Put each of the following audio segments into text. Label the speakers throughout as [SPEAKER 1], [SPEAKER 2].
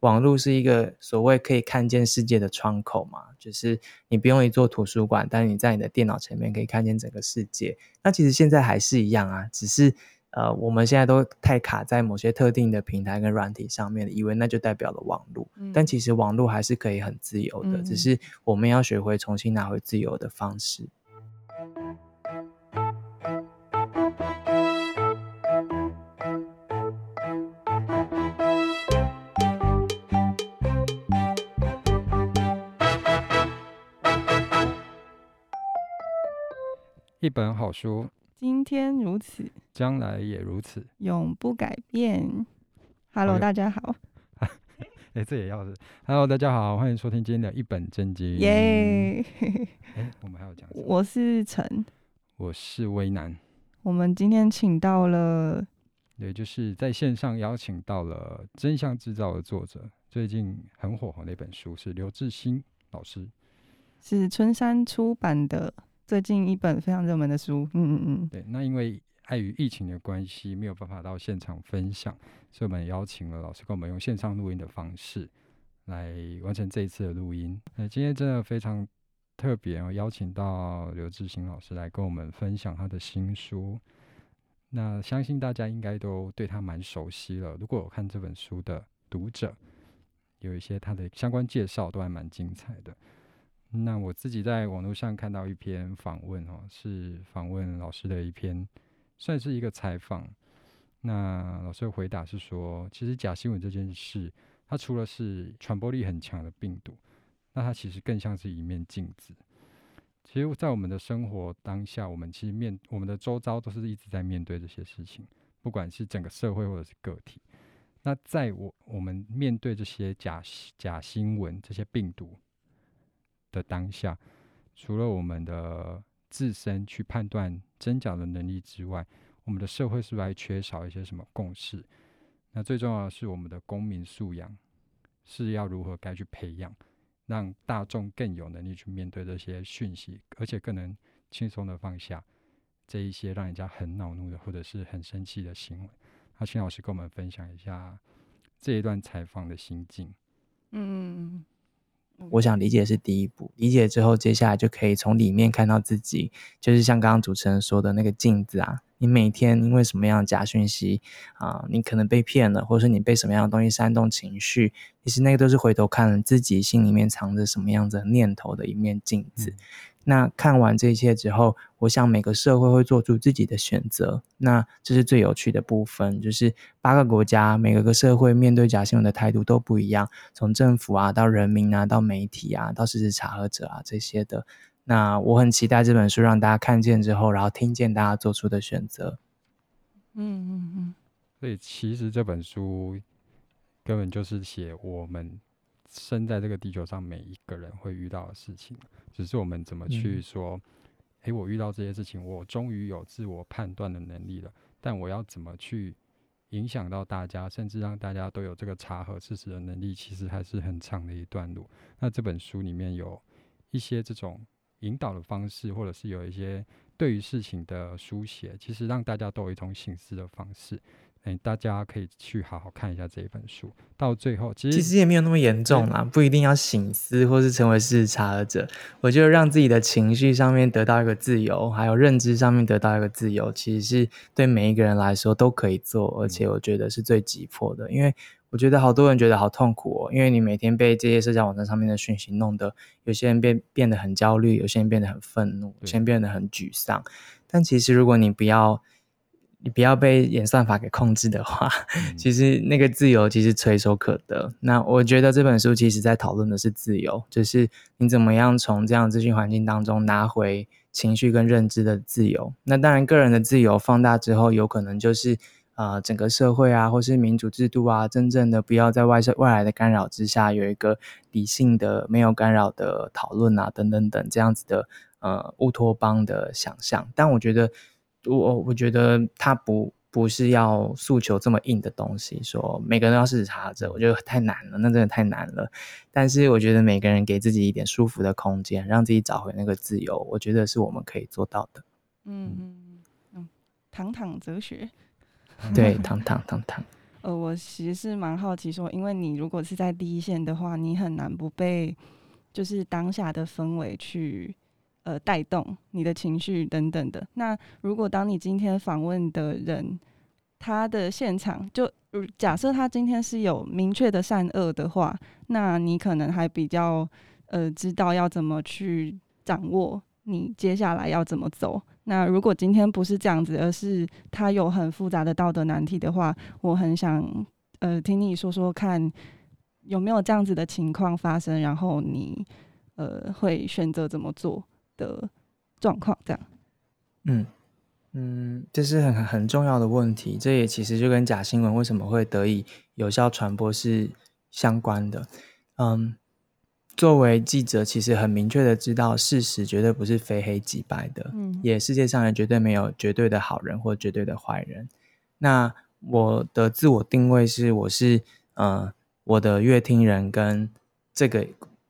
[SPEAKER 1] 網絡是一個所謂可以看見世界的窗口嘛，就是你不用一座圖書館，但是你在你的電腦前面可以看見整個世界。那其實現在還是一樣啊，只是呃，我們現在都太卡在某些特定的平台跟軟體上面了，以為那就代表了網絡。但其實網絡還是可以很自由的，嗯，只是我們要學會重新拿回自由的方式。
[SPEAKER 2] 一本好書，
[SPEAKER 3] 今天如此，
[SPEAKER 2] 將來也如此，
[SPEAKER 3] 永不改變。Hello，Okay. 大家好。
[SPEAKER 2] 誒、 欸，這也要是。Hello，大家好，歡迎收聽今天的一本正經。耶 Yeah! 欸！我們還要
[SPEAKER 3] 講。我是陳，
[SPEAKER 2] 我是巍楠。
[SPEAKER 3] 我們今天請到了，
[SPEAKER 2] 也就是在線上邀請到了《真相制造》的作者，最近很火紅的一本書，是劉致昕老師，
[SPEAKER 3] 是春山出版的。最近一本非常熱門的書，嗯嗯嗯，
[SPEAKER 2] 對。那因為礙於疫情的關係，沒有辦法到現場分享，所以我們邀請了老師，跟我們用線上錄音的方式來完成這一次的錄音。那今天真的非常特別哦，邀請到劉致昕老師來跟我們分享他的新書。那相信大家應該都對他蠻熟悉了。如果有看這本書的讀者，有一些他的相關介紹都還蠻精彩的。那我自己在網絡上看到一篇訪問哦，是訪問老師的一篇，算是一個採訪。那老師的回答是說，其實假新聞這件事，它除了是傳播力很強的病毒，那它其實更像是一面鏡子。其實，在我們的生活當下，我們其實面我們的周遭都是一直在面對這些事情，不管是整個社會或者是個體。那在我我們面對這些假假新聞這些病毒的當下，除了我們的自身去判斷真假的能力之外，我們的社會是不是還缺少一些什麼共識？那最重要的是，我們的公民素養是要如何該去培養，讓大眾更有能力去面對這些訊息，而且更能輕鬆的放下這一些讓人家很惱怒的或者是很生氣的行為。那、啊、請老師跟我們分享一下這一段採訪的心境。嗯。我
[SPEAKER 1] 想理解是第一步，理解之後，接下來就可以從裡面看到自己，就是像剛剛主持人說的那個鏡子啊。你每天因為什麼樣的假訊息啊、呃，你可能被騙了，或者說你被什麼樣的東西煽動情緒，其實那個都是回頭看自己心裡面藏着什麼樣子的念頭的一面鏡子。嗯那看完這一切之後，我想每個社會會做出自己的選擇。那這是最有趣的部分，就是八個國家，每個社會面對假新聞的態度都不一樣，從政府啊到人民啊到媒體啊到事實查核者啊這些的。那我很期待這本書讓大家看見之後，然後聽見大家做出的選擇。嗯
[SPEAKER 3] 嗯
[SPEAKER 2] 嗯。所以其實這本書根本就是寫我們。生在這個地球上，每一個人會遇到的事情，只是我們怎麼去說？嗯、誒，我遇到這些事情，我終於有自我判斷的能力了。但我要怎麼去影響到大家，甚至讓大家都有這個查核事實的能力？其實還是很長的一段路。那這本書裡面有一些這種引導的方式，或者是有一些對於事情的書寫，其實讓大家都有一種省思的方式。大家可以去好好看一下這一本書。到最後，其實，其實
[SPEAKER 1] 也沒有那麼嚴重啦，嗯、不一定要省思或是成為事實查核者。我就讓自己的情緒上面得到一個自由，還有認知上面得到一個自由，其實是對每一個人來說都可以做，而且我覺得是最急迫的。因為我覺得好多人覺得好痛苦哦、喔，因為你每天被這些社交網站上面的訊息弄得，有些人變變得很焦慮，有些人變得很憤怒，有些人變得很沮喪。但其實如果你不要。你不要被演算法給控制的話，其實那個自由其實垂手可得。那我覺得這本書其實在討論的是自由，就是你怎麼樣從這樣的資訊環境當中拿回情緒跟認知的自由。那當然，個人的自由放大之後，有可能就是啊、呃，整個社會啊，或是民主制度啊，真正的不要在外設外來的干擾之下有一個理性的沒有干擾的討論啊，等等等這樣子的呃烏托邦的想象但我覺得。我我覺得他不不是要訴求這麼硬的東西，說每個人都要自查自，我覺得太難了，那真的太難了。但是我覺得每個人給自己一點舒服的空間，讓自己找回那個自由，我覺得是我們可以做到的。嗯嗯
[SPEAKER 3] 嗯，堂堂哲學，
[SPEAKER 1] 對堂堂堂堂。堂堂堂
[SPEAKER 3] 堂呃，我其實是蠻好奇說，說因為你如果是在第一線的話，你很難不被就是當下的氛圍去。呃，帶動你的情緒等等的。那如果當你今天訪問的人，他的現場，就假設他今天是有明確的善惡的話，那你可能還比較呃知道要怎麼去掌握你接下來要怎麼走。那如果今天不是這樣子，而是他有很複雜的道德難題的話，我很想呃聽你說說看有沒有這樣子的情況發生，然後你呃會選擇怎麼做？的狀況，這樣，嗯
[SPEAKER 1] 嗯，這是很很重要的問題，這也其實就跟假新聞為什麼會得以有效傳播是相關的。嗯，作為記者，其實很明確的知道，事實絕對不是非黑即白的，嗯、也世界上也絕對沒有絕對的好人或絕對的壞人。那我的自我定位是，我是嗯、呃，我的閱聽人跟這個。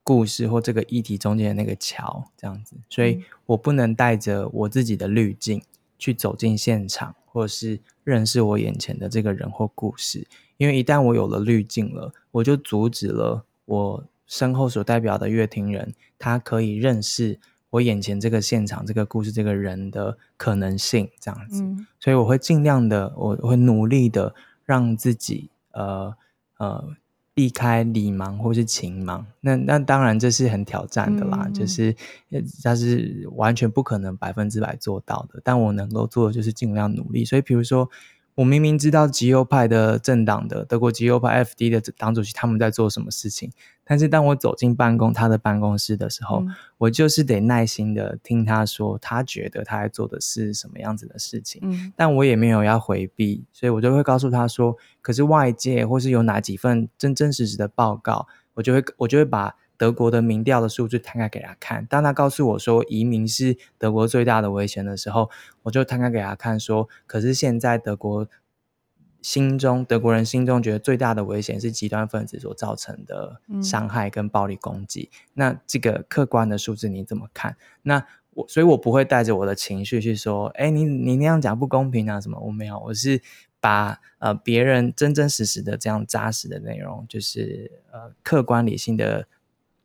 [SPEAKER 1] 故事或這個議題中間的那個橋，這樣子，所以我不能帶着我自己的濾鏡去走進現場，或是認識我眼前的這個人或故事，因為一旦我有了濾鏡了，我就阻止了我身後所代表的閱聽人他可以認識我眼前這個現場、這個故事、這個人的可能性，這樣子。嗯、所以我會儘量的，我會努力的讓自己，呃呃。避開理盲或是情盲，那那當然這是很挑戰的啦，嗯嗯就是但是，完全不可能百分之百做到的，但我能夠做的就是盡量努力，所以比如說。我明明知道極右派的政黨的德國極右派 F D 的黨主席他們在做什麼事情，但是當我走進辦公他的辦公室的時候，嗯、我就是得耐心的聽他說他覺得他在做的是什麼樣子的事情。嗯、但我也沒有要回避，所以我就會告訴他說，可是外界或是有哪幾份真真實實的報告，我就會我就會把。德國的民調的數據攤開給他看。當他告訴我說移民是德國最大的危險的時候，我就攤開給他看說：“可是現在德國心中德國人心中覺得最大的危險是極端分子所造成的傷害跟暴力攻擊。嗯”那這個客觀的數字你怎麼看？那我所以，我不會帶着我的情緒去說：“哎，你你那樣講不公平啊，什麼？”我沒有，我是把呃別人真真實實的這樣扎實的內容，就是呃客觀理性的。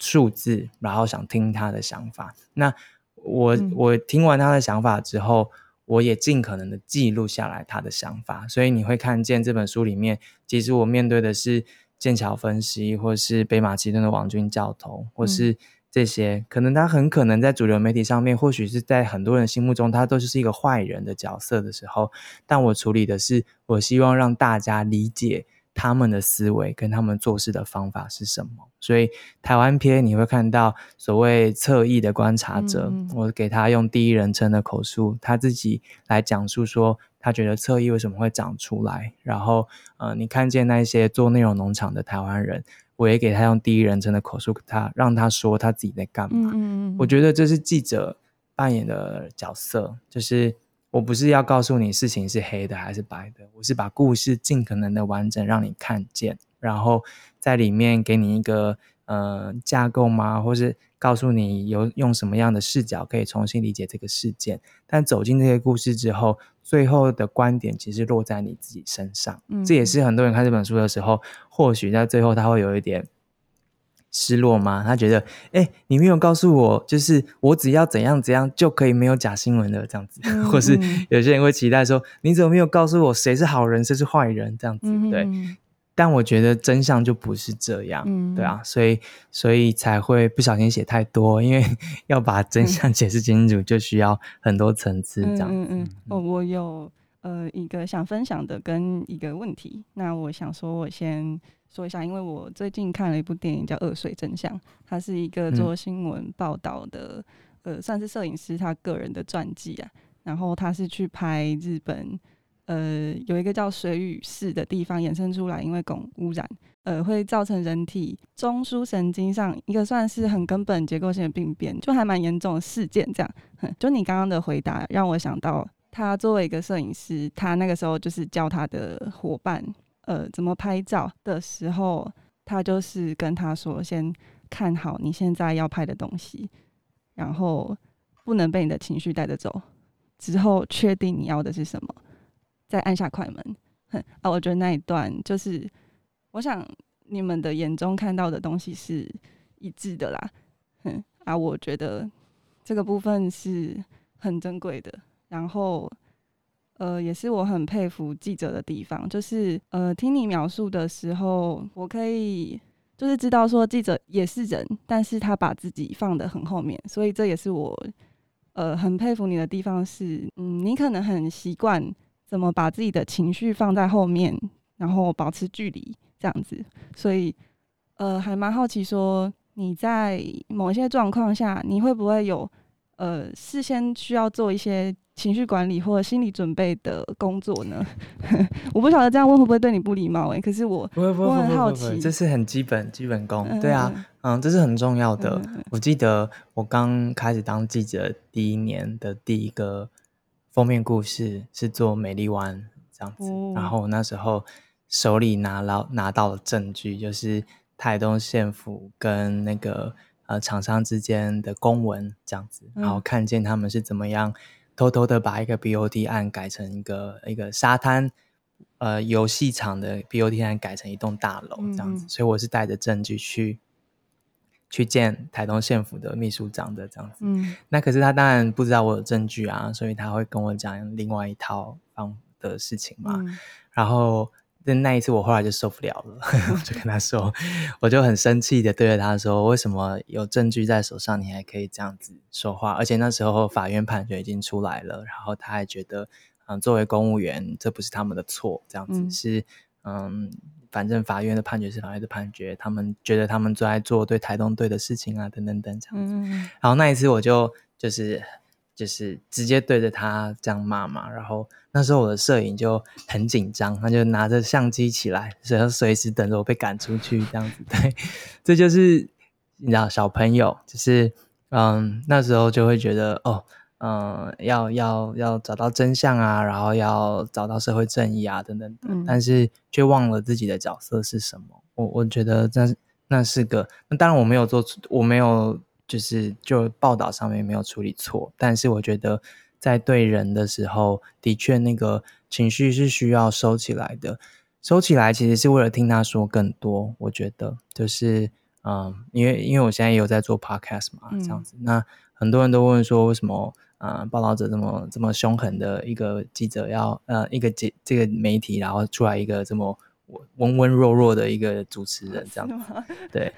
[SPEAKER 1] 數字，然後想聽他的想法。那我、嗯、我聽完他的想法之後，我也盡可能的記錄下來他的想法。所以你會看見這本書裡面，其實我面對的是劍橋分析，或是北馬其頓的網軍教練，或是這些。嗯、可能他很可能在主流媒體上面，或許是在很多人心目中，他都是一個壞人的角色的時候，但我處理的是，我希望讓大家理解。他們的思維跟他們做事的方法是什麼？所以台灣篇你會看到所謂側翼的觀察者，嗯嗯，我給他用第一人稱的口述，他自己來講述說他覺得側翼為什麼會長出來。然後，呃，你看見那些做內容農場的台灣人，我也給他用第一人稱的口述，他讓他說他自己在幹嘛。嗯嗯嗯，我覺得這是記者扮演的角色，就是。我不是要告訴你事情是黑的還是白的，我是把故事儘可能的完整，讓你看見，然後在裡面給你一個呃架構嗎？或是告訴你有用什麼樣的視角可以重新理解這個事件。但走進這些故事之後，最後的觀點其實落在你自己身上。嗯嗯，這也是很多人看這本書的時候，或許在最後他會有一點。失落嗎？他覺得，哎、欸，你沒有告訴我，就是我只要怎樣怎樣就可以沒有假新聞的這樣子，嗯嗯，或是有些人會期待說，你怎麼沒有告訴我誰是好人，誰是壞人這樣子，對。嗯嗯，但我覺得真相就不是這樣，嗯、對啊，所以所以才會不小心寫太多，因為要把真相解釋清楚，就需要很多層次這樣子。
[SPEAKER 3] 嗯，嗯嗯，哦、嗯嗯，我有呃一個想分享的跟一個問題，那我想說，我先。說一下，因為我最近看了一部電影叫《惡水真相》，他是一個做新聞報道的，嗯、呃，算是攝影師他個人的傳記啊。然後他是去拍日本，呃，有一個叫水俁市的地方，衍生出來因為汞污染，呃，會造成人體中樞神經上一個算是很根本結構性的病變，就還蠻嚴重的事件。這樣，哼，就你剛剛的回答讓我想到，他作為一個攝影師，他那個時候就是叫他的夥伴。呃，怎麼拍照的時候，他就是跟他說，先看好你現在要拍的東西，然後不能被你的情緒帶着走，之後確定你要的是什麼，再按下快門。哼啊，我覺得那一段就是，我想你們的眼中看到的東西是一致的啦。哼啊，我覺得這個部分是很珍貴的，然後。呃，也是我很佩服記者的地方，就是呃，聽你描述的時候，我可以就是知道說，記者也是人，但是他把自己放得很後面，所以這也是我呃很佩服你的地方是，嗯，你可能很習慣怎麼把自己的情緒放在後面，然後保持距離這樣子，所以呃還蠻好奇說你在某些狀況下你會不會有呃事先需要做一些。情緒管理或心理準備的工作呢？ 我不曉得這樣問會不會對你不禮貌哎、欸。可是我我很好奇，這
[SPEAKER 1] 是很基本基本功，嗯嗯對啊，嗯，這是很重要的。嗯嗯嗯我記得我剛開始當記者第一年的第一個封面故事是做美麗灣這樣子，哦、然後那時候手裡拿了拿到了證據，就是台東縣府跟那個呃廠商之間的公文這樣子，然後看見他們是怎麼樣。偷偷的把一個 BOT 案改成一個一個沙灘，呃，遊戲場的 BOT 案改成一棟大樓，嗯，這樣子，所以我是帶着證據去去見台東縣府的秘書長的這樣子。嗯，那可是他當然不知道我有證據啊，所以他會跟我講另外一套方的事情嘛。嗯，然後。但那一次我後來就受不了了，我 就跟他說，嗯、我就很生氣的對着他說，為什麼有證據在手上，你還可以這樣子說話？而且那時候法院判決已經出來了，然後他還覺得，嗯，作為公務員，這不是他們的錯，這樣子、嗯、是，嗯，反正法院的判決是法院的判決，他們覺得他們最愛做對台東對的事情啊，等等等等這樣子。嗯嗯嗯。然後那一次我就就是。就是直接對着他這樣罵嘛，然後那時候我的攝影就很緊張，他就拿着相機起來，然後隨時等着我被趕出去這樣子。對， 這就是你知道小朋友，就是嗯，那時候就會覺得哦，嗯，要要要找到真相啊，然後要找到社會正義啊等等，嗯、但是卻忘了自己的角色是什麼。我我覺得那那是個，那、嗯、當然我沒有做出，我沒有。就是就報道上面沒有處理錯，但是我覺得在對人的時候，的確那個情緒是需要收起來的。收起來其實是為了聽他說更多。我覺得就是嗯，因為因為我現在也有在做 podcast 嘛，嗯、這樣子，那很多人都問說為什麼啊、呃，報道者這麼這麼凶狠的一個記者要呃一個這這個媒體，然後出來一個這麼溫溫弱弱的一個主持人這樣子，啊、對，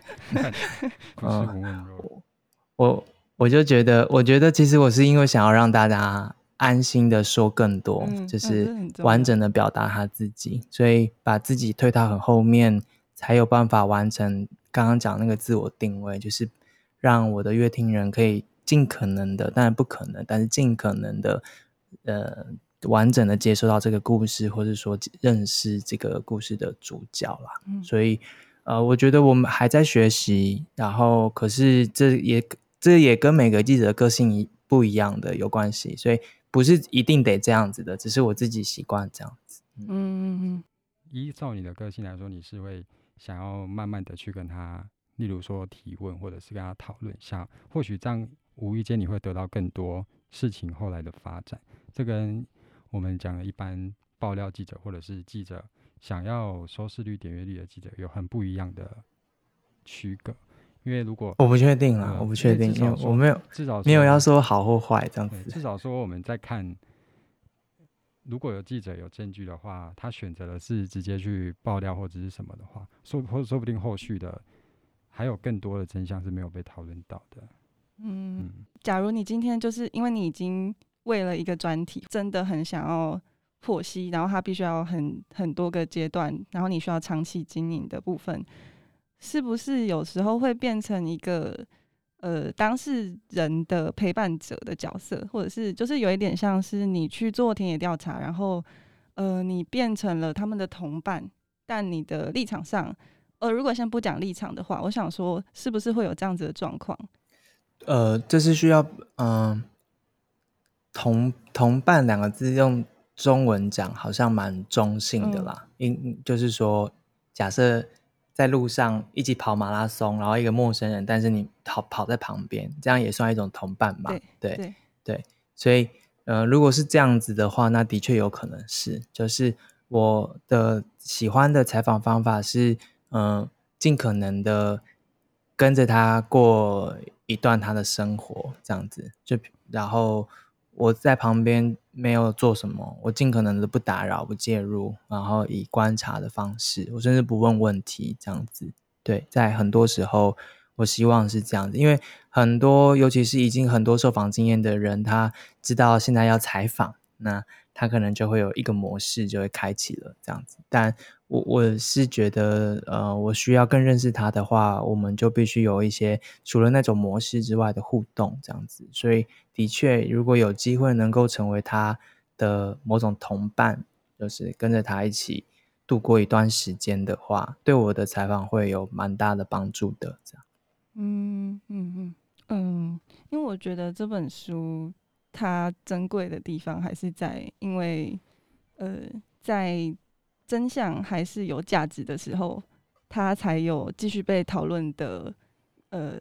[SPEAKER 1] 我我就覺得，我覺得其實我是因為想要讓大家安心的說更多，嗯、是就是完整的表達他自己，所以把自己推到很後面，才有辦法完成剛剛講的那個自我定位，就是讓我的閱聽人可以盡可能的，嗯、當然不可能，但是盡可能的，呃，完整的接受到這個故事，或者說認識這個故事的主角啦。嗯、所以，呃，我覺得我們還在學習，然後可是這也。這也跟每個記者的個性一不一樣的有關係，所以不是一定得這樣子的，只是我自己習慣這樣子。
[SPEAKER 2] 嗯嗯嗯。依照你的個性來說，你是會想要慢慢的去跟他，例如說提問，或者是跟他討論一下，或許這樣無意間你會得到更多事情後來的發展。這跟我們講的一般爆料記者或者是記者想要收視率、點閱率的記者有很不一樣的區隔。因為如果我不確定了，我不確定，因為，因為我沒有至少沒有要說好或壞這樣子。至少說我們在看，如果有記者有證據的話，他選擇的是直接去爆料或者是什麼的話，說不說不定後續的還有更多的真相是沒有被討論到的。嗯、
[SPEAKER 3] 嗯，假如你今天就是因為你已經為了一個專題真的很想要剖析，然後他必須要很很多個階段，然後你需要長期經營的部分。是不是有時候會變成一個呃當事人的陪伴者的角色，或者是就是有一點像是你去做田野調查，然後呃你變成了他們的同伴，但你的立場上呃如果先不講立場的話，我想說是不是會有這樣子的狀況、呃就
[SPEAKER 1] 是？呃，這是需要嗯同同伴兩個字用中文講好像蠻中性的啦，嗯、因就是說假設。在路上一起跑馬拉松，然後一個陌生人，但是你跑，跑在旁邊，這樣也算一種同伴嘛？對對對，所以呃，如果是這樣子的話，那的確有可能是，就是我的喜歡的採訪方法是，嗯、呃，盡可能的跟着他過一段他的生活，這樣子，就然後我在旁邊。沒有做什麼，我盡可能的不打擾、不介入，然後以觀察的方式，我甚至不問問題，這樣子。對，在很多時候，我希望是這樣子，因為很多，尤其是已經很多受訪經驗的人，他知道現在要採訪那。他可能就會有一個模式，就會開啟了這樣子。但我我是覺得，呃，我需要更認識他的話，我們就必須有一些除了那種模式之外的互動這樣子。所以，的確，如果有機會能夠成為他的某種同伴，就是跟着他一起度過一段時間的話，對我的採訪會有蠻大的幫助的。這樣，嗯嗯
[SPEAKER 3] 嗯嗯，因為我覺得這本書。它珍貴的地方還是在，因為呃，在真相還是有價值的時候，它才有繼續被討論的，呃，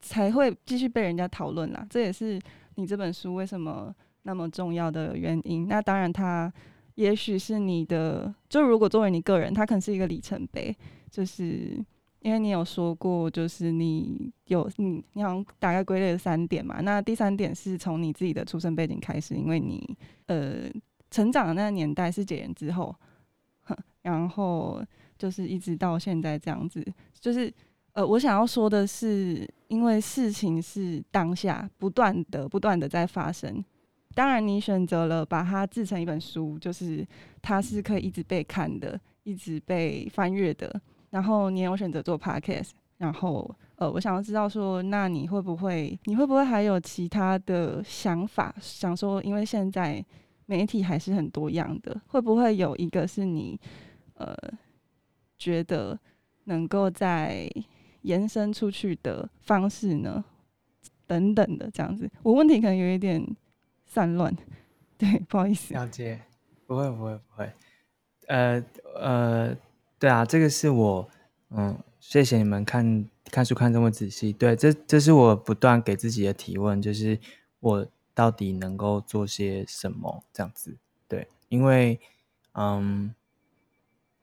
[SPEAKER 3] 才會繼續被人家討論啦。這也是你這本書為什麼那麼重要的原因。那當然，它也許是你的，就如果作為你個人，它可能是一個里程碑，就是。因為你有說過，就是你有你你好像大概歸類了三點嘛。那第三點是從你自己的出生背景開始，因為你呃成長的那個年代是解嚴之後，哼，然後就是一直到現在這樣子。就是呃，我想要說的是，因為事情是當下不斷的不斷的在發生，當然你選擇了把它製成一本書，就是它是可以一直被看的，一直被翻閱的。然後你也有選擇做 podcast，然後呃，我想要知道說，那你會不會，你會不會還有其他的想法，想說，因為現在媒體還是很多樣的，會不會有一個是你呃覺得能夠再延伸出去的方式呢？等等的這樣子，我問題可能有一點散亂，對，不好意思。了解，
[SPEAKER 1] 不會，不會，不會，呃呃。對啊，這個是我，嗯，謝謝你們看看書看這麼仔細。對，這這是我不斷給自己的提問，就是我到底能夠做些什麼這樣子。對，因為，嗯，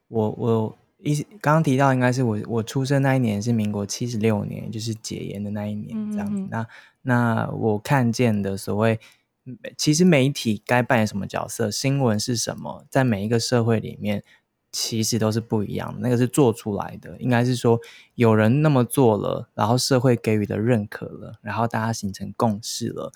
[SPEAKER 1] 我我一剛剛提到應該是我我出生那一年是民國七十六年，就是解嚴的那一年這樣子。嗯嗯嗯，那那我看見的所謂，其實媒體該扮演什麼角色，新聞是什麼，在每一個社會裡面，其實都是不一樣的，那個是做出來的，應該是說有人那麼做了，然後社會給予的認可了，然後大家形成共識了。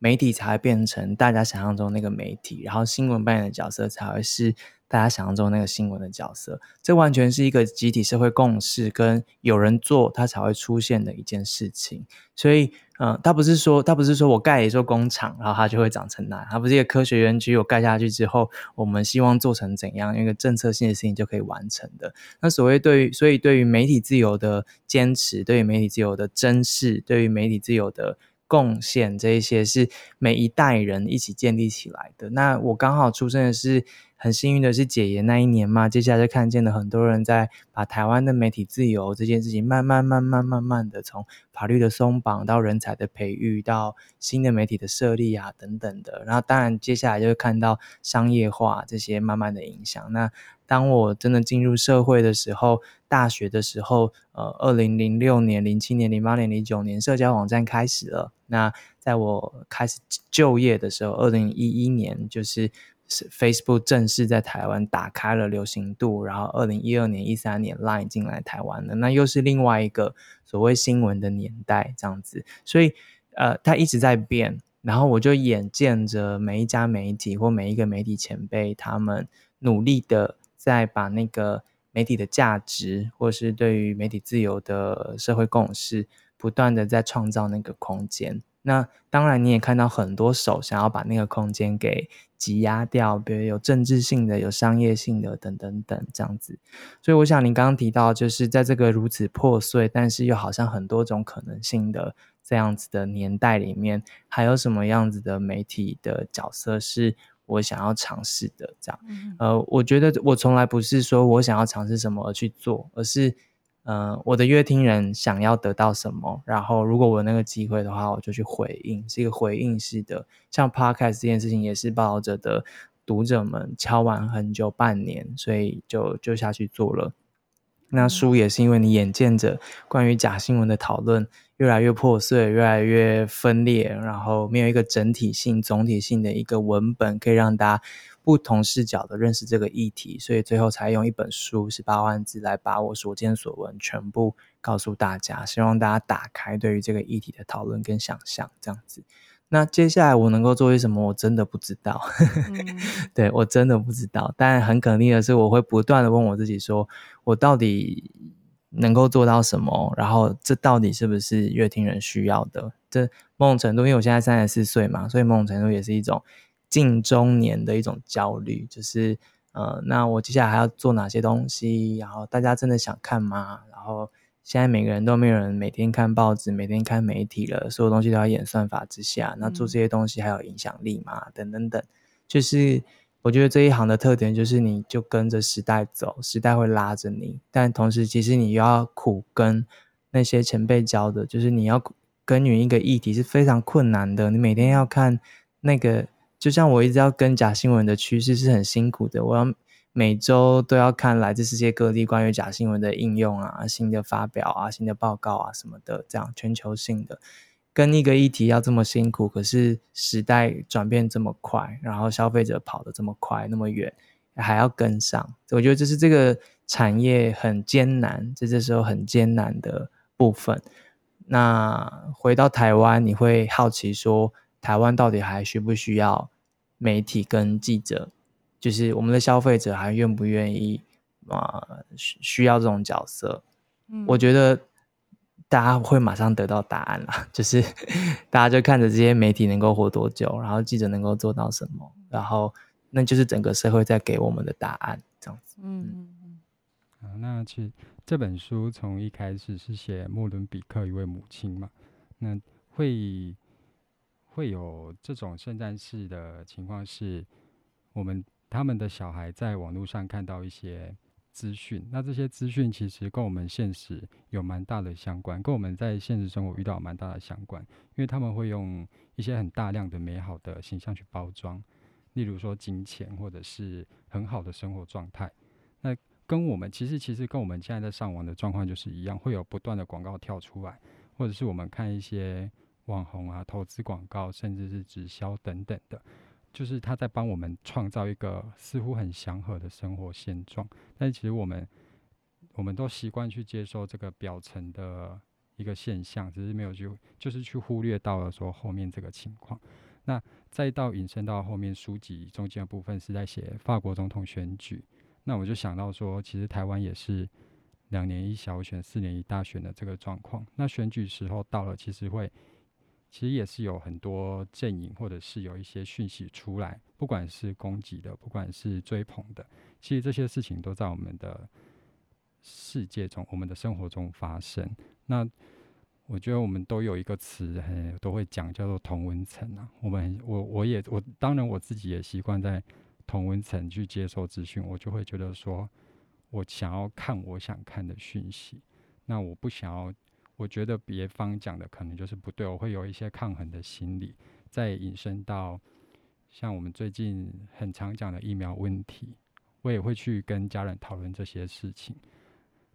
[SPEAKER 1] 媒體才會變成大家想象中那個媒體，然後新聞扮演的角色才會是大家想象中那個新聞的角色。這完全是一個集體社會共識跟有人做，它才會出現的一件事情。所以，嗯、呃，它不是說，它不是說我蓋一座工廠，然後它就會長成那樣。它不是一個科學園區，我蓋下去之後，我們希望做成怎樣一個政策性的事情就可以完成的。那所謂對於，所以對於媒體自由的堅持，對於媒體自由的珍視，對於媒體自由的貢獻這一些是每一代人一起建立起來的。那我剛好出生的是。很幸運的是，解嚴那一年嘛，接下來就看見了很多人在把台灣的媒體自由這件事情慢慢、慢慢、慢慢的從法律的鬆綁到人才的培育，到新的媒體的設立啊等等的。然後，當然接下來就會看到商業化這些慢慢的影響。那當我真的進入社會的時候，大學的時候，呃，二零零六年、零七年、零八年、零九年，社交網站開始了。那在我開始就業的時候，二零一一年就是。是 Facebook 正式在台灣打開了流行度，然後二零一二年、一三年 Line 進來台灣了，那又是另外一個所謂新聞的年代這樣子，所以呃，它一直在變，然後我就眼見着每一家媒體或每一個媒體前輩，他們努力的在把那個媒體的價值，或是對於媒體自由的社會共識，不斷的在創造那個空間。那當然，你也看到很多手想要把那個空間給擠壓掉，比如有政治性的、有商業性的等等等這樣子。所以，我想您剛剛提到，就是在這個如此破碎，但是又好像很多種可能性的這樣子的年代裡面，還有什麼樣子的媒體的角色是我想要嘗試的？這樣，嗯、呃，我覺得我從來不是說我想要嘗試什麼而去做，而是。嗯、呃，我的閱聽人想要得到什麼？然後如果我有那個機會的話，我就去回應，是一個回應式的。像 podcast 這件事情也是報導者的讀者們敲碗很久，半年，所以就就下去做了。那書也是因為你眼見着關於假新聞的討論越來越破碎，越來越分裂，然後沒有一個整體性、總體性的一個文本，可以讓大家，不同視角的認識這個議題，所以最後才用一本書十八萬字來把我所見所聞全部告訴大家，希望大家打開對於這個議題的討論跟想象。這樣子，那接下來我能夠做些什麼，我真的不知道。嗯、 對，我真的不知道，但很肯定的是，我會不斷的問我自己說，說我到底能夠做到什麼，然後這到底是不是閱聽人需要的？這某種程度，因為我現在三十四歲嘛，所以某種程度也是一種。近中年的一種焦慮，就是，呃，那我接下來還要做哪些東西？然後大家真的想看嗎？然後現在每個人都沒有人每天看報紙，每天看媒體了，所有東西都要演算法，之下，那做這些東西還有影響力嗎？等、嗯、等等，就是我覺得這一行的特點就是，你就跟着時代走，時代會拉着你，但同時其實你又要苦跟那些前輩教的，就是你要耕耘一個議題是非常困難的，你每天要看那個。就像我一直要跟假新聞的趨勢是很辛苦的，我要每周都要看來自世界各地關於假新聞的應用啊、新的發表啊、新的報告啊什麼的，這樣全球性的跟一個議題要這麼辛苦，可是時代轉變這麼快，然後消費者跑得這麼快、那麼遠，還要跟上，我覺得這是這個產業很艱難，在這時候很艱難的部分。那回到台灣，你會好奇說，台灣到底還需不需要媒體跟記者？就是我們的消費者還願不願意啊？需、呃、需要這種角色？嗯、我覺得大家會馬上得到答案了，就是大家就看着這些媒體能夠活多久，然後記者能夠做到什麼，然後那就是整個社會在給我們的答
[SPEAKER 2] 案，這樣子。嗯嗯嗯。啊，那其實這本書從一開始是寫莫倫比克一位母親嘛，那會。會有這種聖戰式的情況，是我們他們的小孩在網絡上看到一些資訊，那這些資訊其實跟我們現實有蠻大的相關，跟我們在現實生活遇到蠻大的相關，因為他們會用一些很大量的美好的形象去包裝，例如說金錢或者是很好的生活狀態，那跟我們其實，其實跟我們現在在上網的狀況就是一樣，會有不斷的廣告跳出來，或者是我們看一些。網紅啊，投資廣告，甚至是直銷等等的，就是他在幫我們創造一個似乎很祥和的生活現狀。但是其實我們，我們都習慣去接受這個表層的一個現象，只是沒有去，就是去忽略到了說後面這個情況。那再到引申到後面書籍中間的部分是在寫法國總統選舉，那我就想到說，其實台灣也是兩年一小選，四年一大選的這個狀況。那選舉時候到了，其實會。其實也是有很多陣營，或者是有一些訊息出來，不管是攻擊的，不管是追捧的，其實這些事情都在我們的世界中、我們的生活中發生。那我覺得我們都有一個詞，很都會講叫做“同溫層”啊。我們我我也我，當然我自己也習慣在同溫層去接收資訊，我就會覺得說，我想要看我想看的訊息，那我不想要。我覺得別方講的可能就是不對，我會有一些抗衡的心理，再引申到像我們最近很常講的疫苗問題，我也會去跟家人討論這些事情。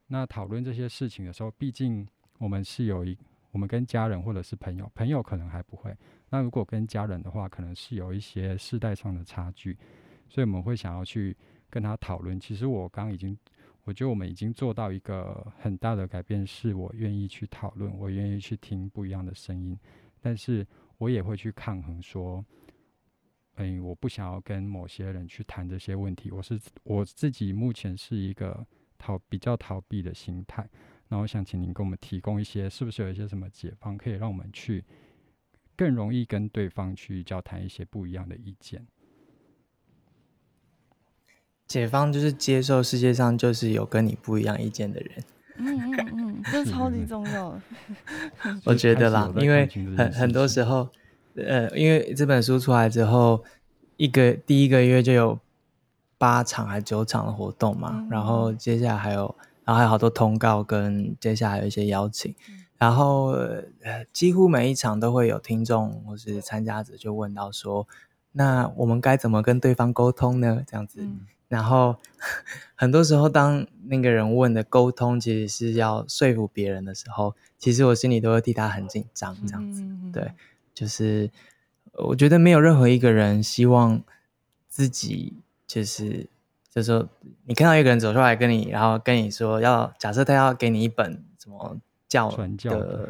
[SPEAKER 2] 那討論這些事情的時候，畢竟我們是有一，我們跟家人或者是朋友，朋友可能還不會。那如果跟家人的話，可能是有一些世代上的差距，所以我們會想要去跟他討論。其實我剛剛已經。我覺得我們已經做到一個很大的改變，是我願意去討論，我願意去聽不一樣的聲音，但是我也會去抗衡，說，哎、欸，我不想要跟某些人去談這些問題。我是我自己目前是一個逃比較逃避的心態，那我想請您給我們提供一些，是不是有一些什麼解方，可以讓我們去更容易跟對方去交談一些不一樣的意見？解放
[SPEAKER 1] 就是接受世界上就是有跟你不一樣意見的人。
[SPEAKER 3] 嗯，嗯嗯嗯，這超級重要，嗯、 我覺得啦，是是
[SPEAKER 1] 因為很很多時候，嗯、呃，因為這本書出來之後，一個第一個月就有八場還九場的活動嘛，嗯、然後接下來還有，然後還有好多通告跟接下來有一些邀請，嗯、然後、呃、幾乎每一場都會有聽眾或是參加者就問到說，那我們該怎麼跟對方溝通呢？這樣子。嗯然後，很多時候，當那個人問的溝通，其實是要說服別人的時候，其實我心裡都會替他很緊張，這樣子。嗯嗯嗯對，就是我覺得沒有任何一個人希望自己，就是，就是、說你看到一個人走出來跟你，然後跟你說要，假設他要給你一本什麼教的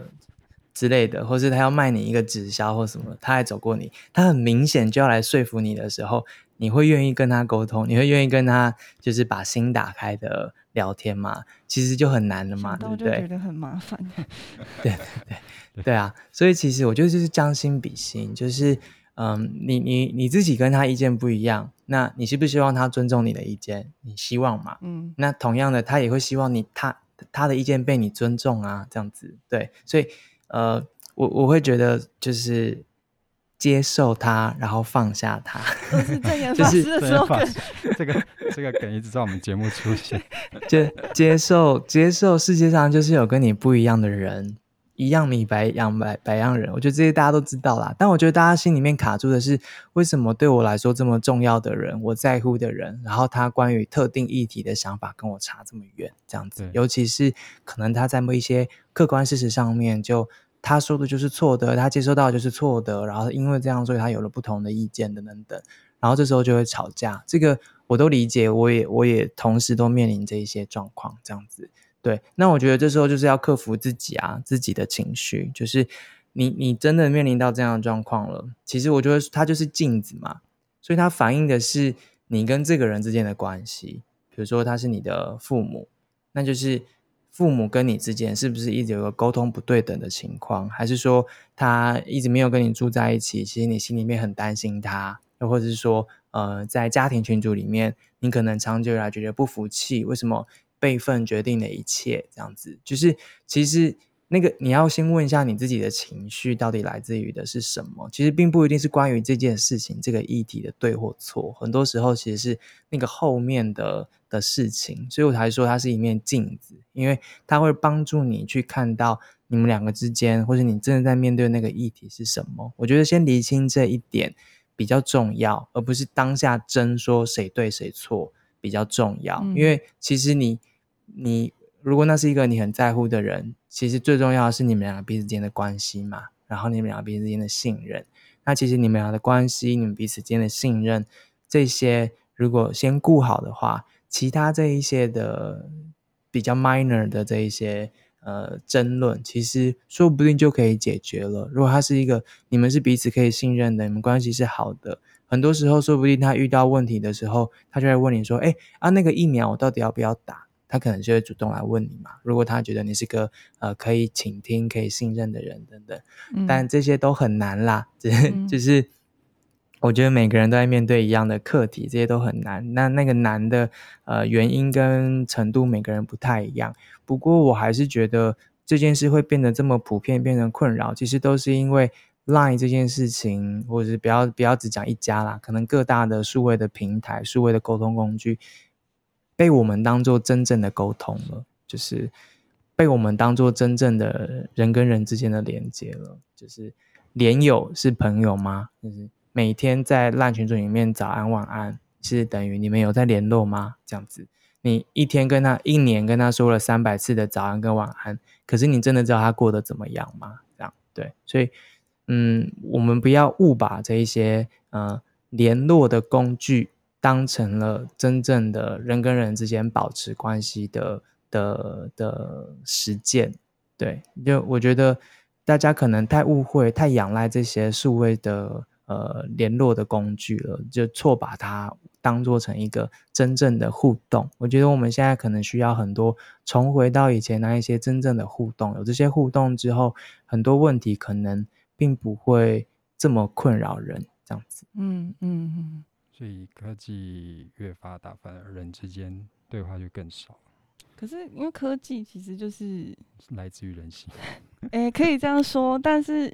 [SPEAKER 1] 之類的，傳教的或是他要賣你一個直銷或什麼，他還走過你，他很明顯就要來說服你的時候。你會願意跟他溝通？你會願意跟他就是把心打開的聊天嗎？其實就很難了嘛，對不對？
[SPEAKER 3] 覺得很麻煩啊，對。對
[SPEAKER 1] 對對對啊！所以其實我覺得就是將心比心，就是嗯，你你你自己跟他意見不一樣，那你是不是希望他尊重你的意見？你希望嘛？嗯。那同樣的，他也會希望你他他的意見被你尊重啊，這樣子。對，所以呃，我我會覺得就是。接受他，然後放下他。
[SPEAKER 2] 這是就是正念法師。的這個這個梗一直在我們節目出現。
[SPEAKER 1] 接接受接受世界上就是有跟你不一樣的人，一樣米白，一樣白白,白一樣人。我覺得這些大家都知道啦，但我覺得大家心裡面卡住的是，為什麼對我來說這麼重要的人，我在乎的人，然後他關於特定議題的想法跟我差這麼遠，這樣子，對尤其是可能他在某一些客觀事實上面就。他說的就是錯的，他接收到的就是錯的，然後因為這樣，所以他有了不同的意見等等等等，然後這時候就會吵架。這個我都理解，我也我也同時都面臨這一些狀況，這樣子。對，那我覺得這時候就是要克服自己啊，自己的情緒。就是你你真的面臨到這樣的狀況了，其實我覺得它就是鏡子嘛，所以它反映的是你跟這個人之間的關係。比如說他是你的父母，那就是。父母跟你之間是不是一直有個溝通不對等的情況？還是說他一直沒有跟你住在一起？其實你心裡面很擔心他，又或者是說，呃，在家庭群組裡面，你可能長久以來覺得不服氣，為什麼輩分決定了一切？這樣子，就是其實。那個你要先問一下你自己的情緒到底來自於的是什麼？其實並不一定是關於這件事情這個議題的對或錯，很多時候其實是那個後面的的事情，所以我才說它是一面鏡子，因為它會幫助你去看到你們兩個之間，或是你正在面對那個議題是什麼。我覺得先釐清這一點比較重要，而不是當下爭說誰對誰錯比較重要，嗯、因為其實你你。如果那是一個你很在乎的人，其實最重要的是你們兩個彼此間的關係嘛，然後你們兩個彼此間的信任。那其實你們倆的關係，你們彼此間的信任，這些如果先顧好的話，其他這一些的比較 minor 的這一些呃爭論，其實說不定就可以解決了。如果他是一個你們是彼此可以信任的，你們關係是好的，很多時候說不定他遇到問題的時候，他就會問你說：“哎啊，那個疫苗我到底要不要打？”他可能就會主動來問你嘛，如果他覺得你是個呃可以傾聽、可以信任的人等等，但這些都很難啦，嗯、 就是我覺得每個人都在面對一樣的課題，嗯、這些都很難。那那個難的呃原因跟程度，每個人不太一樣。不過我還是覺得這件事會變得這麼普遍，變成困擾，其實都是因為 LINE 這件事情，或者是不要不要只講一家啦，可能各大的數位的平台、數位的溝通工具，被我們當做真正的溝通了，就是被我們當做真正的人跟人之間的連接了。就是連友是朋友嗎？就是每天在爛群組裡面早安晚安，是等於你們有在聯絡嗎？這樣子，你一天跟他，一年跟他說了三百次的早安跟晚安，可是你真的知道他過得怎麼樣嗎？這樣，對，所以嗯，我們不要誤把這一些呃聯絡的工具，當成了真正的人跟人之間保持關係的的的實踐，對，就我覺得大家可能太誤會、太仰賴這些數位的呃聯絡的工具了，就錯把它當做成一個真正的互動。我覺得我們現在可能需要很多重回到以前那一些真正的互動，有這些互動之後，很多問題可能並不會這麼困擾人。
[SPEAKER 2] 這樣子，嗯嗯嗯。嗯嗯所以科技越發達，反而人之間對話就更少。
[SPEAKER 3] 可是因為科技其實就是，是
[SPEAKER 2] 來自於人性，
[SPEAKER 3] 誒、欸，可以這樣說。 但是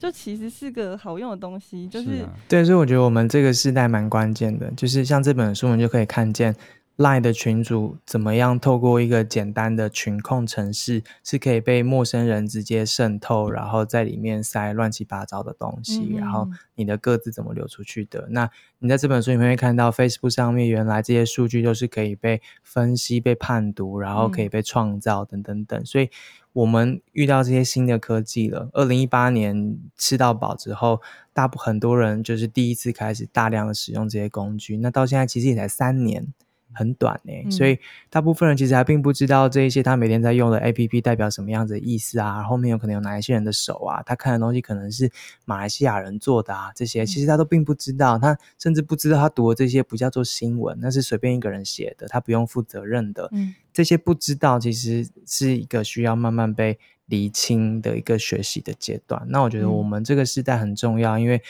[SPEAKER 3] 就其實是個好用的東西，
[SPEAKER 2] 就是，是、
[SPEAKER 1] 啊、對。所以我覺得我們這個時代蠻關鍵的，就是像這本書，我們就可以看見。LINE 的群組怎麼樣？透過一個簡單的群控程式，是可以被陌生人直接滲透，然後在裡面塞亂七八糟的東西。然後你的個資怎麼流出去的？嗯嗯，那你在這本書裡面會看到 Facebook 上面原來這些數據都是可以被分析、被判讀，然後可以被創造等等等。嗯、所以我們遇到這些新的科技了。二零一八年吃到飽之後，大部很多人就是第一次開始大量的使用這些工具。那到現在其實也才三年。很短呢、欸，所以大部分人其實還並不知道這一些他每天在用的 APP 代表什麼樣子的意思啊，後面有可能有哪一些人的手啊，他看的東西可能是馬來西亞人做的啊，這些其實他都並不知道，他甚至不知道他讀的這些不叫做新聞，那是隨便一個人寫的，他不用負責任的。這些不知道其實是一個需要慢慢被釐清的一個學習的階段。那我覺得我們這個時代很重要，因為。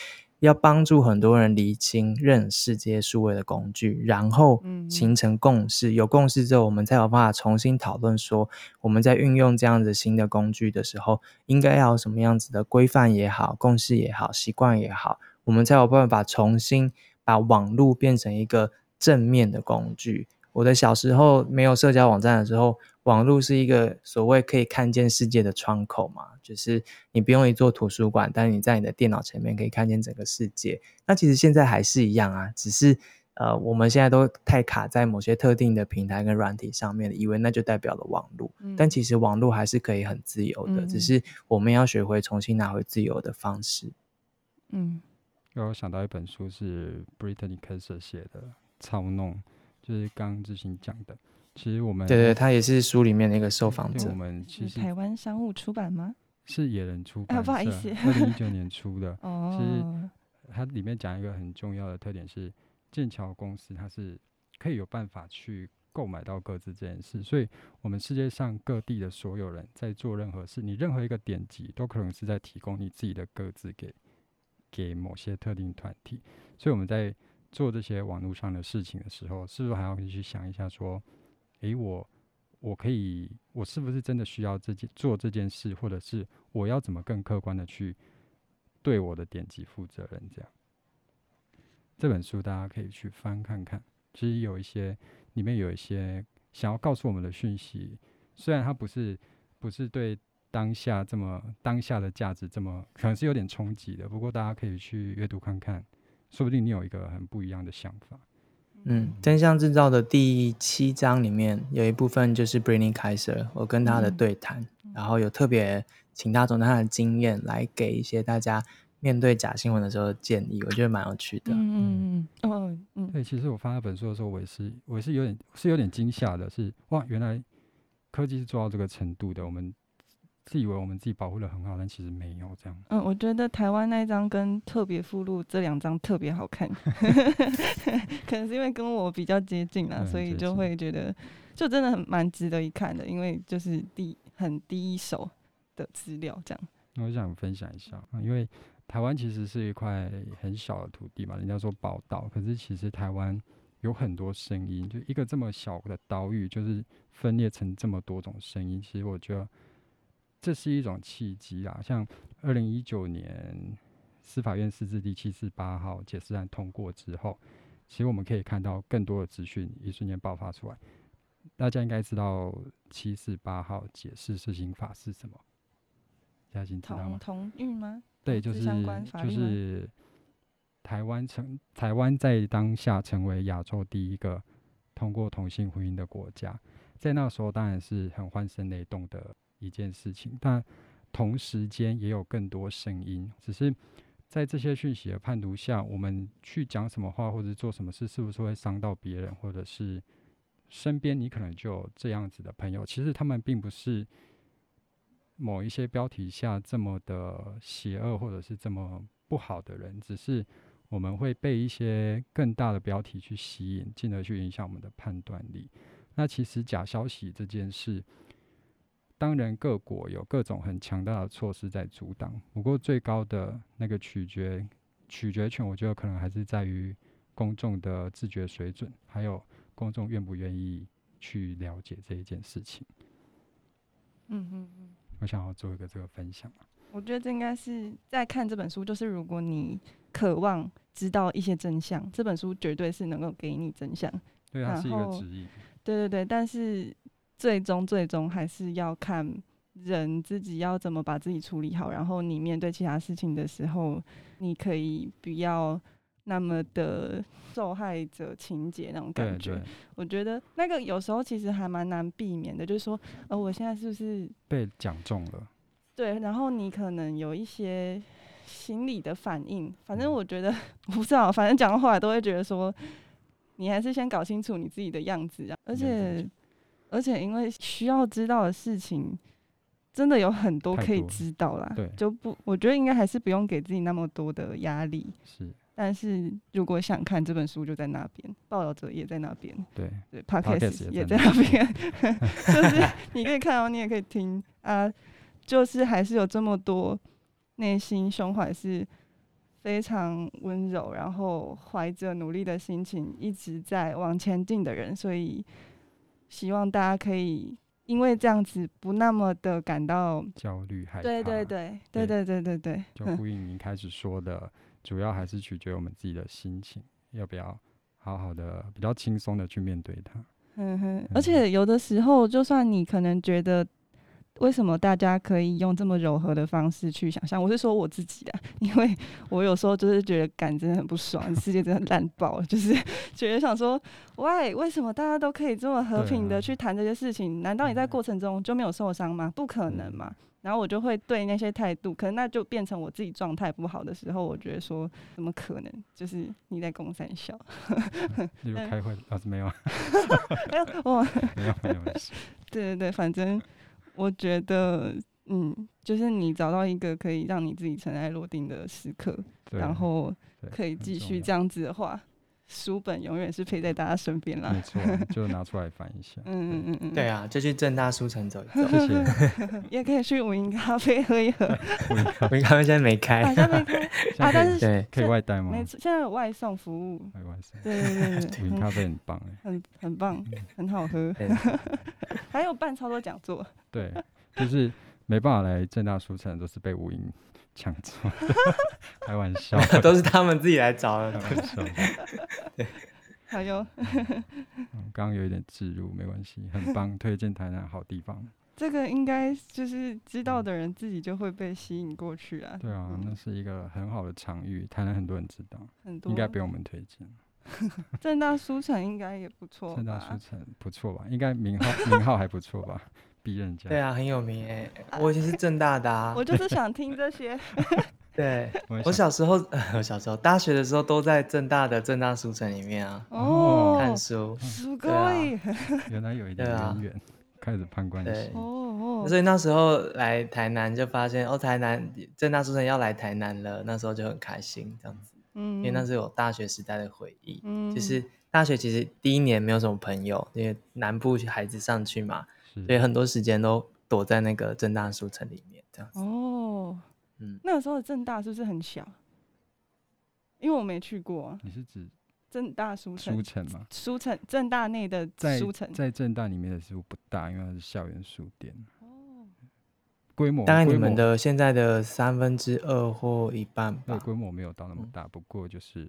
[SPEAKER 1] 要幫助很多人理清認識這些數位的工具，然後形成共識。嗯嗯，有共識之後，我們才有辦法重新討論說，我們在運用這樣子新的工具的時候，應該要什麼樣子的規範也好、共識也好、習慣也好，我們才有辦法重新把網絡變成一個正面的工具。我的小時候沒有社交網站的時候，網絡是一個所謂可以看見世界的窗口嘛，就是你不用一座圖書館，但你在你的電腦前面可以看見整個世界。那其實現在還是一樣啊，只是呃，我們現在都太卡在某些特定的平台跟軟體上面了，以為那就代表了網絡。嗯、但其實網絡還是可以很自由的，嗯、只是我們要學會重新拿回自由的方式。
[SPEAKER 2] 嗯，讓我想到一本書是 Brittany Kaiser 寫的《操弄》，就是剛剛之前講的。其實我們對，對對，他也是書
[SPEAKER 1] 裡面的一個受訪者。我們其實
[SPEAKER 2] 台
[SPEAKER 3] 灣商務出版嗎？
[SPEAKER 2] 是野人出版，不好意思，二零一九年出的。其實它裡面講一個很重要的特點是，劍橋公司它是可以有辦法去購買到個資這件事。所以，我們世界上各地的所有人在做任何事，你任何一個點擊都可能是在提供你自己的個資給給某些特定團體。所以，我們在做這些網絡上的事情的時候，是不是還要去想一下說？誒，我我可以，我是不是真的需要自己做這件事，或者是我要怎麼更客觀的去對我的點擊負責任？這樣，這本書大家可以去翻看看。其實有一些裡面有一些想要告訴我們的訊息，雖然它不是不是對當下這麼當下的價值這麼，可能是有點衝擊的。不過大家可以去閱讀看看，說不定你有一個很不一樣的想法。
[SPEAKER 1] 嗯，《真相製造》的第七章裡面有一部分就是 Brittany Kaiser，我跟他的對談，嗯、然後有特別請他從他的經驗來給一些大家面對假新聞的時候的建
[SPEAKER 2] 議，我覺得蠻有趣的。
[SPEAKER 3] 嗯嗯哦嗯。
[SPEAKER 2] 嗯對，其實我翻開本書的時候我也，我是我是有點是有點驚嚇的是，是哇，原來科技是做到這個程度的，我們。自以為我們自己保護得很好，但其實沒有這樣。
[SPEAKER 3] 嗯，我覺得台灣那一張跟特別附錄這兩張特別好看， 可能是因為跟我比較接近啦，很接近，所以就會覺得就真的很蠻值得一看的，因為就是第很第一手的資料這樣。
[SPEAKER 2] 我想分享一下，嗯，因為台灣其實是一塊很小的土地嘛，人家說寶島，可是其實台灣有很多聲音，就一個這麼小的島嶼，就是分裂成這麼多種聲音。其實我覺得，這是一種契機啊，像二零一九年司法院釋字第七四八號解釋案通過之後，其實我們可以看到更多的資訊一瞬間爆發出來。大家應該知道七四八號解釋施行法是什麼？嘉欣，同
[SPEAKER 3] 同運嗎？對，就是就是
[SPEAKER 2] 台灣成台灣在當下成為亞洲第一個通過同性婚姻的國家，在那時候當然是很歡聲雷動的。一件事情，但同時間也有更多聲音。只是在這些訊息的判讀下，我們去講什麼話或者做什麼事，是不是會傷到別人，或者是身邊你可能就有這樣子的朋友？其實他們並不是某一些標題下這麼的邪惡或者是這麼不好的人，只是我們會被一些更大的標題去吸引，進而去影響我們的判斷力。那其實假消息這件事。當然，各國有各種很強大的措施在阻擋。不過，最高的那個取決、取決權，我覺得可能還是在於公眾的自覺水準，還有公眾願不願意去了解這一件事情。嗯嗯嗯，我想要做一個這個分享。
[SPEAKER 3] 我覺得這應該是在看這本書，就是如果你渴望知道一些真相，這本書絕對是能夠給你真相。對啊，是一個指引。對對對，但是。最終，最終還是要看人自己要怎麼把自己處理好。然後你面對其他事情的時候，你可以不要那麼的受害者情節那種感覺。我覺得那個有時候其實還蠻難避免的，就是說，呃，我現在是不是
[SPEAKER 2] 被講中了？
[SPEAKER 3] 對，然後你可能有一些心理的反應。反正我覺得，嗯、不是啊，反正講到後來都會覺得說，你還是先搞清楚你自己的樣子啊，而且。而且，因為需要知道的事情真的有很多可以知道啦，就不，我覺得應該還是不用給自己那麼多的壓力。是，但是如果想看這本書，就在那邊，報道者也在那邊，對對，Podcast 也在那邊，也在那邊 就是你可以看哦， 你也可以聽啊，就是還是有這麼多內心胸懷是非常溫柔，然後懷着努力的心情一直在往前進的人，所以。希望大家可以因為這樣子不那麼的感到
[SPEAKER 2] 焦慮害怕。對對對，
[SPEAKER 3] 對對對對對對對對，就呼
[SPEAKER 2] 應你一開始說的， 主要還是取決於我們自己的心情，要不要好好的、比較輕鬆的去面對它。呵呵，嗯
[SPEAKER 3] 哼，而且有的時候，就算你可能覺得。為什麼大家可以用這麼柔和的方式去想象？我是說我自己啊，因為我有時候就是覺得感真的很不爽， 世界真的爛爆，就是覺得想說，喂，為什麼大家都可以這麼和平的去談這些事情？啊、難道你在過程中就沒有受傷嗎？不可能嘛？然後我就會對那些態度，可能那就變成我自己狀態不好的時候，我覺得說，怎麼可能？就是你在共三小笑？因為開會，
[SPEAKER 2] 倒是沒有？沒
[SPEAKER 3] 有沒有沒有，對對對，反正。我覺得，嗯，就是你找到一個可以讓你自己塵埃落定的時刻，對然後可以繼續這樣子的話。書本永遠是陪在大家身邊啦。沒錯，就拿
[SPEAKER 1] 出來翻一下。嗯嗯嗯嗯，對啊，就去政大書城走一走，
[SPEAKER 3] 謝謝。也可以去五盈咖啡喝一喝。
[SPEAKER 1] 五盈咖啡現在沒開，好像
[SPEAKER 3] 沒開。啊，但是可以外帶嗎？沒錯，現在有外送服務。外送。對對對對，五盈咖啡很棒，很很棒，很好喝。還有辦超多講座，
[SPEAKER 2] 對，就是沒辦法來政大書城，都是被五盈。搶座，開 玩笑。 都是他們自己來找的。還
[SPEAKER 3] 有，笑，
[SPEAKER 2] 對，剛剛、 嗯、有一點置入，沒關係，很棒， 推薦台南好地方。
[SPEAKER 3] 這個應該就是知道的人自己就會被吸引過去啊。
[SPEAKER 2] 對啊，那是一個很好的場域，台南很多人知道，多應該不用我們推薦。
[SPEAKER 3] 政 大書城應該也不錯，政大書城
[SPEAKER 2] 不錯吧？應該名號 名號還不錯吧？畢人家。對啊，
[SPEAKER 1] 很有名哎、欸！我以前是政大的啊。Uh, okay. 我就是想
[SPEAKER 3] 聽這些。
[SPEAKER 1] 對， 我小時候，我小時候，大學的時候都在政大的政大書城裡面啊，哦，oh, 看書。書以、oh, 啊。
[SPEAKER 2] 原來有一點淵源， 開始攀關係。哦哦對。
[SPEAKER 3] Oh, oh.
[SPEAKER 1] 所以那時候來台南，就發現哦，台南政大書城要來台南了，那時候就很開心這樣子。嗯，因為那是我大學時代的回憶，嗯、就是大學其實第一年沒有什麼朋友，因為南部孩子上去嘛，是所以很多時間都躲在那個政大書城裡
[SPEAKER 3] 面這樣子。哦，嗯，那個時候的政大是不是很小？因為我沒去過、啊。你是指政大書城書城嗎？書城政大內的書城，在
[SPEAKER 2] 政大裡面的書不大，因為它是校園書店。規模當然，大概你們的現在的三分之二或一半。那規模沒有到那麼大，不過就是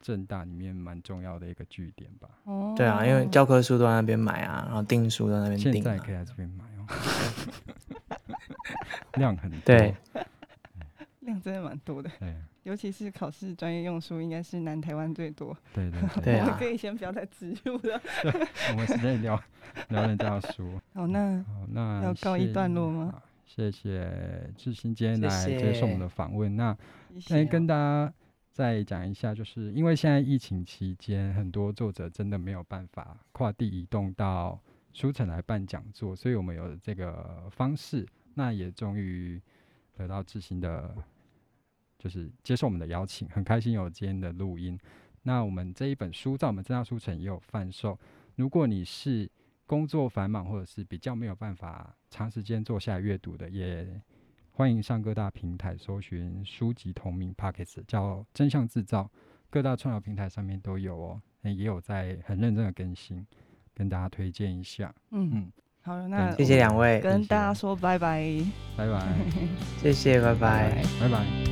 [SPEAKER 2] 政大裡面蠻重要的一個據點吧。哦，對啊，因為
[SPEAKER 1] 教科書都在那邊買啊，然後訂書都在那邊定、啊、現在
[SPEAKER 2] 可以在這邊買哦。量很多，
[SPEAKER 3] 對，量真的蠻多的。對尤其是考試專業用書，應該是南台灣最多。對對，對，對 我們可以先不要再自救了。
[SPEAKER 2] 我們現在聊 聊點大書。好，那那要告一段落嗎？謝謝致昕今天來接受我們的訪問。謝謝，那先、呃、跟大家再講一下，就是因為現在疫情期間，很多作者真的沒有辦法跨地移動到書城來辦講座，所以我們有這個方式。那也終於得到致昕的就是接受我們的邀請，很開心有今天的錄音。那我們這一本書在我們政大書城也有販售，如果你是。工作繁忙，或者是比較沒有辦法長時間坐下閱讀的，也歡迎上各大平台搜尋書籍同名 Podcast 叫《真相製造》，各大串流平台上面都有哦，欸，也有在很認真的更新，跟大家推薦一下。嗯嗯，
[SPEAKER 3] 嗯好，等那謝謝兩位，跟大家說拜拜，
[SPEAKER 2] 拜拜， 謝謝， 拜拜，拜拜。拜拜。